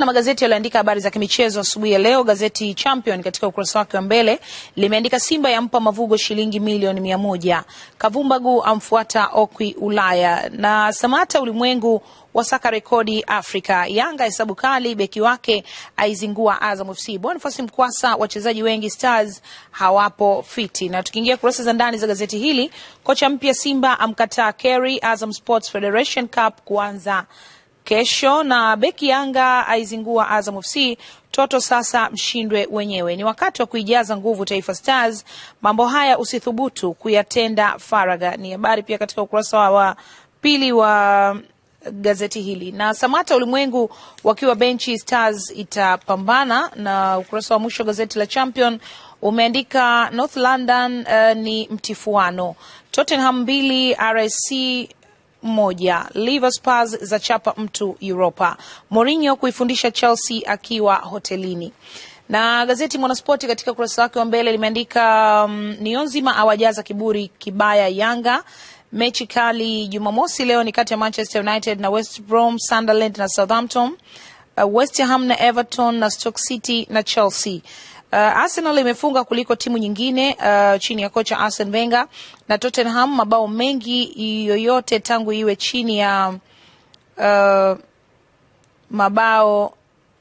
Na magazeti yaliyoandika habari za kimichezo asubuhi ya leo, gazeti Champion katika ukurasa wake wa mbele limeandika Simba yampa Mavugo shilingi milioni mia moja, Kavumbagu amfuata Okwi Ulaya, na Samata ulimwengu wasaka rekodi Afrika. Yanga hesabu kali, beki wake aizingua Azam FC. Boniface Mkwasa, wachezaji wengi Stars hawapo fiti. Na tukiingia kurasa za ndani za gazeti hili, kocha mpya Simba amkataa Kerry, Azam Sports Federation Cup kuanza kesho, na beki Yanga aizingua Azam FC. Toto sasa mshindwe wenyewe, ni wakati wa kuijaza nguvu Taifa Stars. Mambo haya usithubutu kuyatenda faraga, ni habari pia katika ukurasa wa pili wa gazeti hili na Samata Ulimwengu wakiwa benchi, Stars itapambana na ukurasa wa mwisho wa gazeti la Champion umeandika North London uh, ni mtifuano Tottenham mbili RSC moja. Liver Spurs za chapa mtu Europa. Mourinho kuifundisha Chelsea akiwa hotelini na gazeti Mwanaspoti katika ukurasa wake wa mbele limeandika um, Niyonzima awajaza kiburi kibaya Yanga. Mechi kali Jumamosi leo ni kati ya Manchester United na West Brom, Sunderland na Southampton, uh, West Ham na Everton na Stoke City na Chelsea. Uh, Arsenal imefunga kuliko timu nyingine uh, chini ya kocha Arsene Wenger na Tottenham mabao mengi yoyote tangu iwe chini ya uh, mabao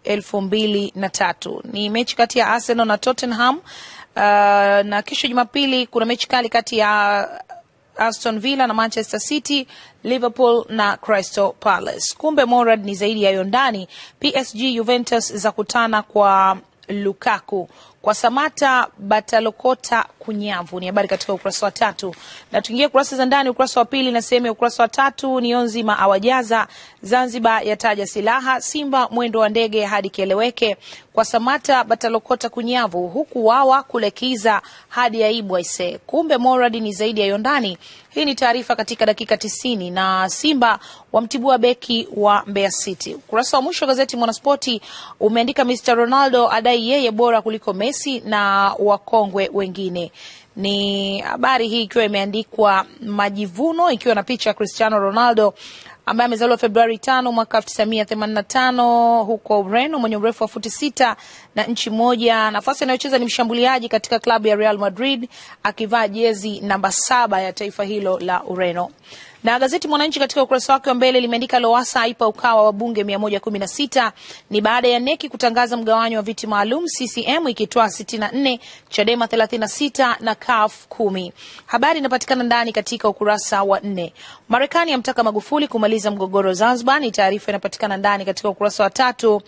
elfu mbili na tatu. Ni mechi kati ya Arsenal na Tottenham uh, na kesho Jumapili kuna mechi kali kati ya Aston Villa na Manchester City, Liverpool na Crystal Palace. Kumbe Morad ni zaidi ya yondani. PSG Juventus za kutana kwa Lukaku kwa Samata Batalokota Kunyavu. Ni habari katika ukurasa wa tatu, na tuingie kurasa za ndani. Ukurasa wa pili na sehemu ya ukurasa wa tatu ni Onzima awajaza Zanzibar, yataja silaha Simba, mwendo wa ndege hadi kieleweke kwa Samata Batalokota Kunyavu, huku wawa kulekiza hadi aibu aise, kumbe Morad ni zaidi ya Yondani. Hii ni taarifa katika dakika tisini na Simba wamtibua beki wa Mbeya City. Ukurasa wa mwisho wa gazeti Mwanaspoti umeandika Mr Ronaldo adai yeye bora kuliko Messi na wakongwe wengine. Ni habari hii ikiwa imeandikwa Majivuno, ikiwa na picha ya Cristiano Ronaldo ambaye amezaliwa Februari 5 mwaka 1985 huko Ureno, mwenye urefu wa futi sita na nchi moja. Nafasi anayocheza ni mshambuliaji katika klabu ya Real Madrid akivaa jezi namba saba ya taifa hilo la Ureno. Na gazeti Mwananchi katika ukurasa wake wa mbele limeandika Lowassa aipa Ukawa bunge 116 ni baada ya neki kutangaza mgawanyo wa viti maalum, CCM ikitoa 64, Chadema 36 na CUF 10. Habari inapatikana ndani katika ukurasa wa 4. Marekani yamtaka Magufuli kumaliza mgogoro Zanzibar, ni taarifa inapatikana ndani katika ukurasa wa tatu.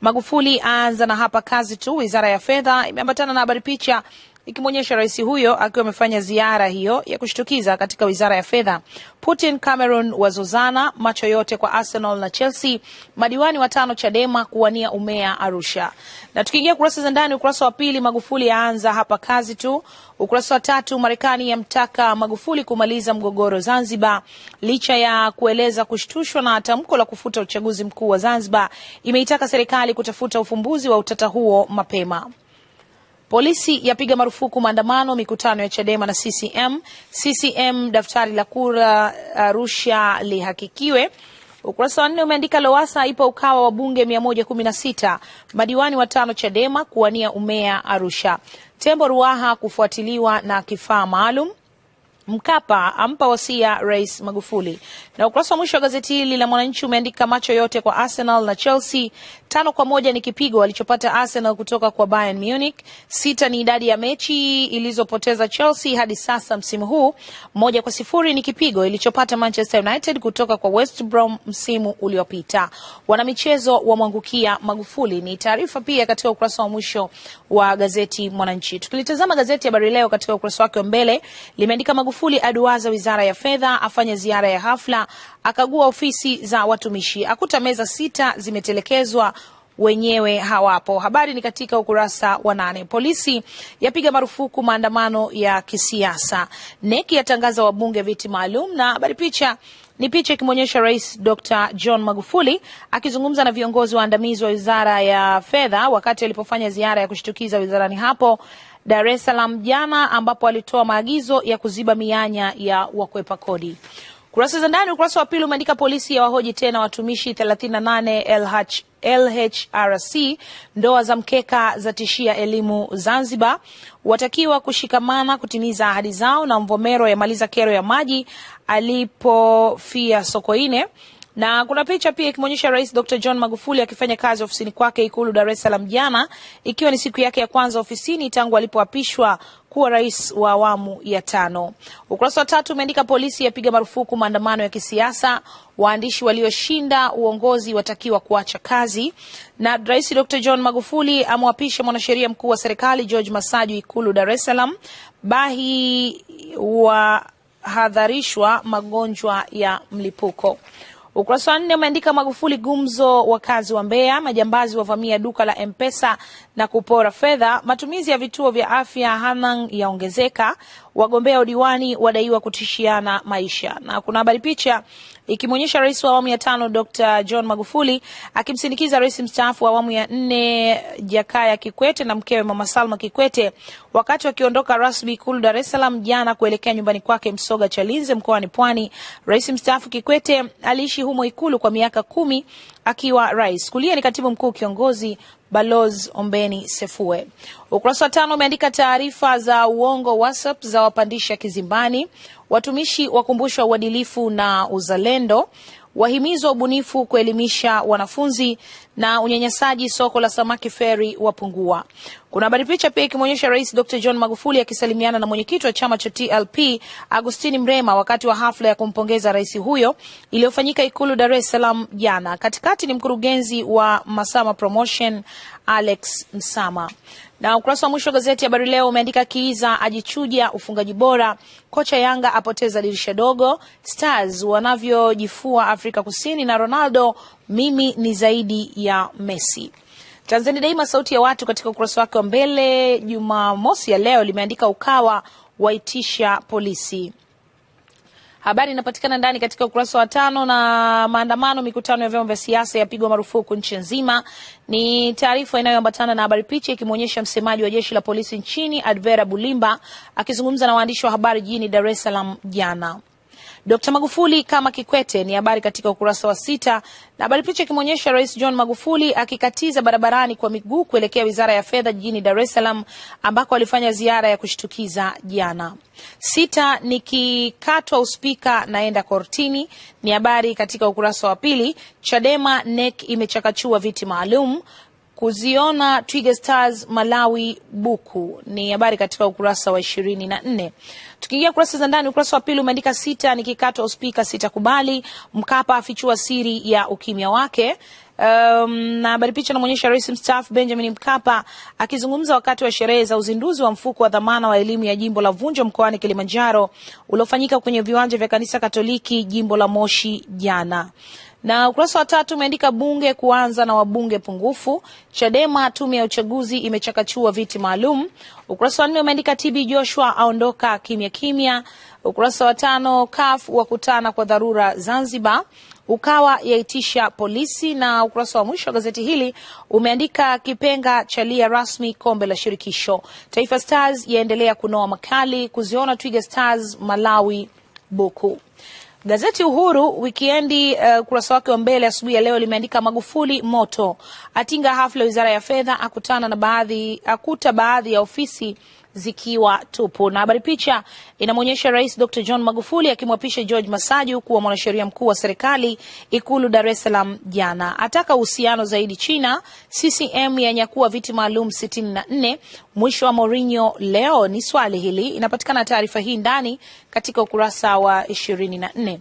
Magufuli aanza na hapa kazi tu. Wizara ya Fedha imeambatana na habari picha ikimwonyesha rais huyo akiwa amefanya ziara hiyo ya kushtukiza katika wizara ya fedha. Putin Cameron wazozana macho yote kwa Arsenal na Chelsea, madiwani watano Chadema kuwania umea Arusha. Na tukiingia kurasa za ndani, ukurasa wa pili, Magufuli yaanza hapa kazi tu. Ukurasa wa tatu, Marekani yamtaka Magufuli kumaliza mgogoro Zanzibar. Licha ya kueleza kushtushwa na tamko la kufuta uchaguzi mkuu wa Zanzibar, imeitaka serikali kutafuta ufumbuzi wa utata huo mapema. Polisi yapiga marufuku maandamano, mikutano ya Chadema na CCM. CCM daftari la kura uh, arusha lihakikiwe. Ukurasa wa nne umeandika Lowassa ipo Ukawa wa bunge 116 madiwani watano Chadema kuwania umea Arusha. Tembo Ruaha kufuatiliwa na kifaa maalum. Mkapa ampa wasia Rais Magufuli. Na ukurasa wa mwisho wa gazeti hili la Mwananchi umeandika macho yote kwa Arsenal na Chelsea. Tano kwa moja ni kipigo walichopata Arsenal kutoka kwa Bayern Munich. Sita ni idadi ya mechi ilizopoteza Chelsea hadi sasa msimu huu. Moja kwa sifuri ni kipigo ilichopata Manchester United kutoka kwa West Brom msimu uliopita. Wanamichezo wamwangukia Magufuli ni taarifa pia katika ukurasa wa mwisho wa gazeti Mwananchi. Tukilitazama gazeti Habari Leo katika ukurasa wake wa mbele limeandika Magufuli Magufuli aduaza wizara ya fedha, afanya ziara ya hafla, akagua ofisi za watumishi, akuta meza sita zimetelekezwa wenyewe hawapo. Habari ni katika ukurasa wa nane. Polisi yapiga marufuku maandamano ya kisiasa. Neki yatangaza wabunge viti maalum, na habari picha ni picha ikimwonyesha Rais Dr John Magufuli akizungumza na viongozi waandamizi wa wizara ya fedha wakati alipofanya ziara ya kushtukiza wizarani hapo Dar es Salaam jana, ambapo alitoa maagizo ya kuziba mianya ya wakwepa kodi. Kurasa za ndani, ukurasa wa pili umeandika polisi ya wahoji tena watumishi 38 LHRC, ndoa za mkeka za tishia elimu Zanzibar, watakiwa kushikamana kutimiza ahadi zao, na Mvomero yamaliza kero ya maji alipofia Sokoine. Na kuna picha pia ikimwonyesha Rais Dr. John Magufuli akifanya kazi ofisini kwake Ikulu Dar es Salaam jana, ikiwa ni siku yake ya kwanza ofisini tangu alipoapishwa kuwa rais wa awamu ya tano. Ukurasa wa tatu umeandika polisi yapiga marufuku maandamano ya kisiasa, waandishi walioshinda uongozi watakiwa kuacha kazi, na Rais Dr. John Magufuli amwapisha mwanasheria mkuu wa serikali George Masaju Ikulu Dar es Salaam. Bahi wahadharishwa magonjwa ya mlipuko. Ukurasa wa nne umeandika Magufuli gumzo, wakazi wa Mbeya, majambazi wavamia duka la Mpesa na kupora fedha, matumizi ya vituo vya afya Hanang yaongezeka, wagombea udiwani wadaiwa kutishiana maisha, na kuna habari picha ikimwonyesha rais wa awamu ya tano Dr. John Magufuli akimsindikiza rais mstaafu wa awamu ya nne Jakaya Kikwete na mkewe Mama Salma Kikwete wakati wakiondoka rasmi Ikulu Dar es Salaam jana kuelekea nyumbani kwake Msoga Chalinze mkoani Pwani. Rais mstaafu Kikwete aliishi humo Ikulu kwa miaka kumi akiwa rais. Kulia ni katibu mkuu kiongozi Balozi Ombeni Sefue. Ukurasa wa tano umeandika taarifa za uongo WhatsApp za wapandisha kizimbani, watumishi wakumbushwa uadilifu na uzalendo, wahimizwa ubunifu kuelimisha wanafunzi, na unyanyasaji soko la samaki feri wapungua. Kuna habari picha pia ikimwonyesha Rais Dr. John Magufuli akisalimiana na mwenyekiti wa chama cha TLP Agustini Mrema wakati wa hafla ya kumpongeza rais huyo iliyofanyika Ikulu Dar es Salaam jana. Katikati ni mkurugenzi wa Masama Promotion Alex Msama. Na ukurasa wa mwisho wa gazeti Habari Leo umeandika Kiiza ajichuja ufungaji bora, kocha Yanga apoteza dirisha dogo, Stars wanavyojifua Afrika Kusini na Ronaldo, mimi ni zaidi ya Messi. Tanzania Daima, sauti ya watu, katika ukurasa wake wa mbele Jumamosi ya leo limeandika Ukawa waitisha polisi. Habari inapatikana ndani katika ukurasa wa tano. Na maandamano, mikutano ya vyama vya siasa yapigwa marufuku nchi nzima, ni taarifa inayoambatana na habari, picha ikimwonyesha msemaji wa jeshi la polisi nchini Advera Bulimba akizungumza na waandishi wa habari jijini Dar es Salaam jana. Dkt Magufuli kama Kikwete ni habari katika ukurasa wa sita, na habari picha ikimwonyesha Rais John Magufuli akikatiza barabarani kwa miguu kuelekea Wizara ya Fedha jijini Dar es Salaam ambako alifanya ziara ya kushtukiza jana. Sita, nikikatwa uspika naenda kortini, ni habari katika ukurasa wa pili. Chadema nek imechakachua viti maalum. Kuziona Twiga Stars Malawi buku ni habari katika ukurasa wa ishirini na nne. Tukiingia kurasa za ndani, ukurasa wa pili umeandika sita nikikatwa uspika kubali Mkapa afichua siri ya ukimya wake. Um, na habari picha inaonyesha Rais mstaafu Benjamin Mkapa akizungumza wakati wa sherehe za uzinduzi wa mfuko wa dhamana wa elimu ya jimbo la Vunjo mkoani Kilimanjaro uliofanyika kwenye viwanja vya kanisa Katoliki jimbo la Moshi jana. Na ukurasa wa tatu umeandika bunge kuanza na wabunge pungufu. Chadema, tume ya uchaguzi imechakachua viti maalum. Ukurasa wa nne umeandika TB Joshua aondoka kimya kimya. Ukurasa wa tano CAF wakutana kwa dharura Zanzibar. Ukawa yaitisha polisi, na ukurasa wa mwisho wa gazeti hili umeandika kipenga chalia rasmi kombe la shirikisho. Taifa Stars yaendelea kunoa makali kuziona Twiga Stars Malawi buku. Gazeti Uhuru wikiendi eh, ukurasa kurasa wake wa mbele asubuhi ya leo limeandika Magufuli moto atinga hafla wizara ya fedha, akutana na baadhi, akuta baadhi ya ofisi zikiwa tupu. Na habari picha inamwonyesha Rais Dr. John Magufuli akimwapisha George Masaju kuwa mwanasheria mkuu wa serikali Ikulu Dar es Salaam jana. Ataka uhusiano zaidi China. CCM yanyakuwa viti maalum 64 mwisho wa Mourinho leo ni swali hili. Inapatikana taarifa hii ndani katika ukurasa wa 24.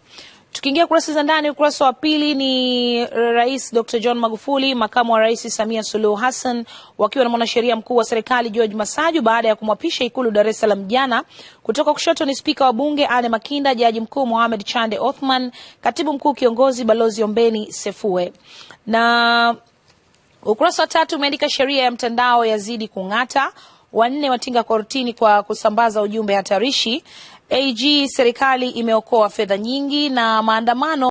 Tukiingia kurasa za ndani, ukurasa wa pili ni Rais Dr. John Magufuli, makamu wa Rais Samia Suluhu Hassan wakiwa na mwanasheria mkuu wa serikali George Masaju baada ya kumwapisha Ikulu Dar es Salaam jana. Kutoka kushoto ni spika wa bunge Anne Makinda, jaji mkuu Mohamed Chande Othman, katibu mkuu kiongozi Balozi Ombeni Sefue na ukurasa wa tatu umeandika sheria ya mtandao yazidi kung'ata, wanne watinga kortini kwa kusambaza ujumbe hatarishi. AG serikali imeokoa fedha nyingi na maandamano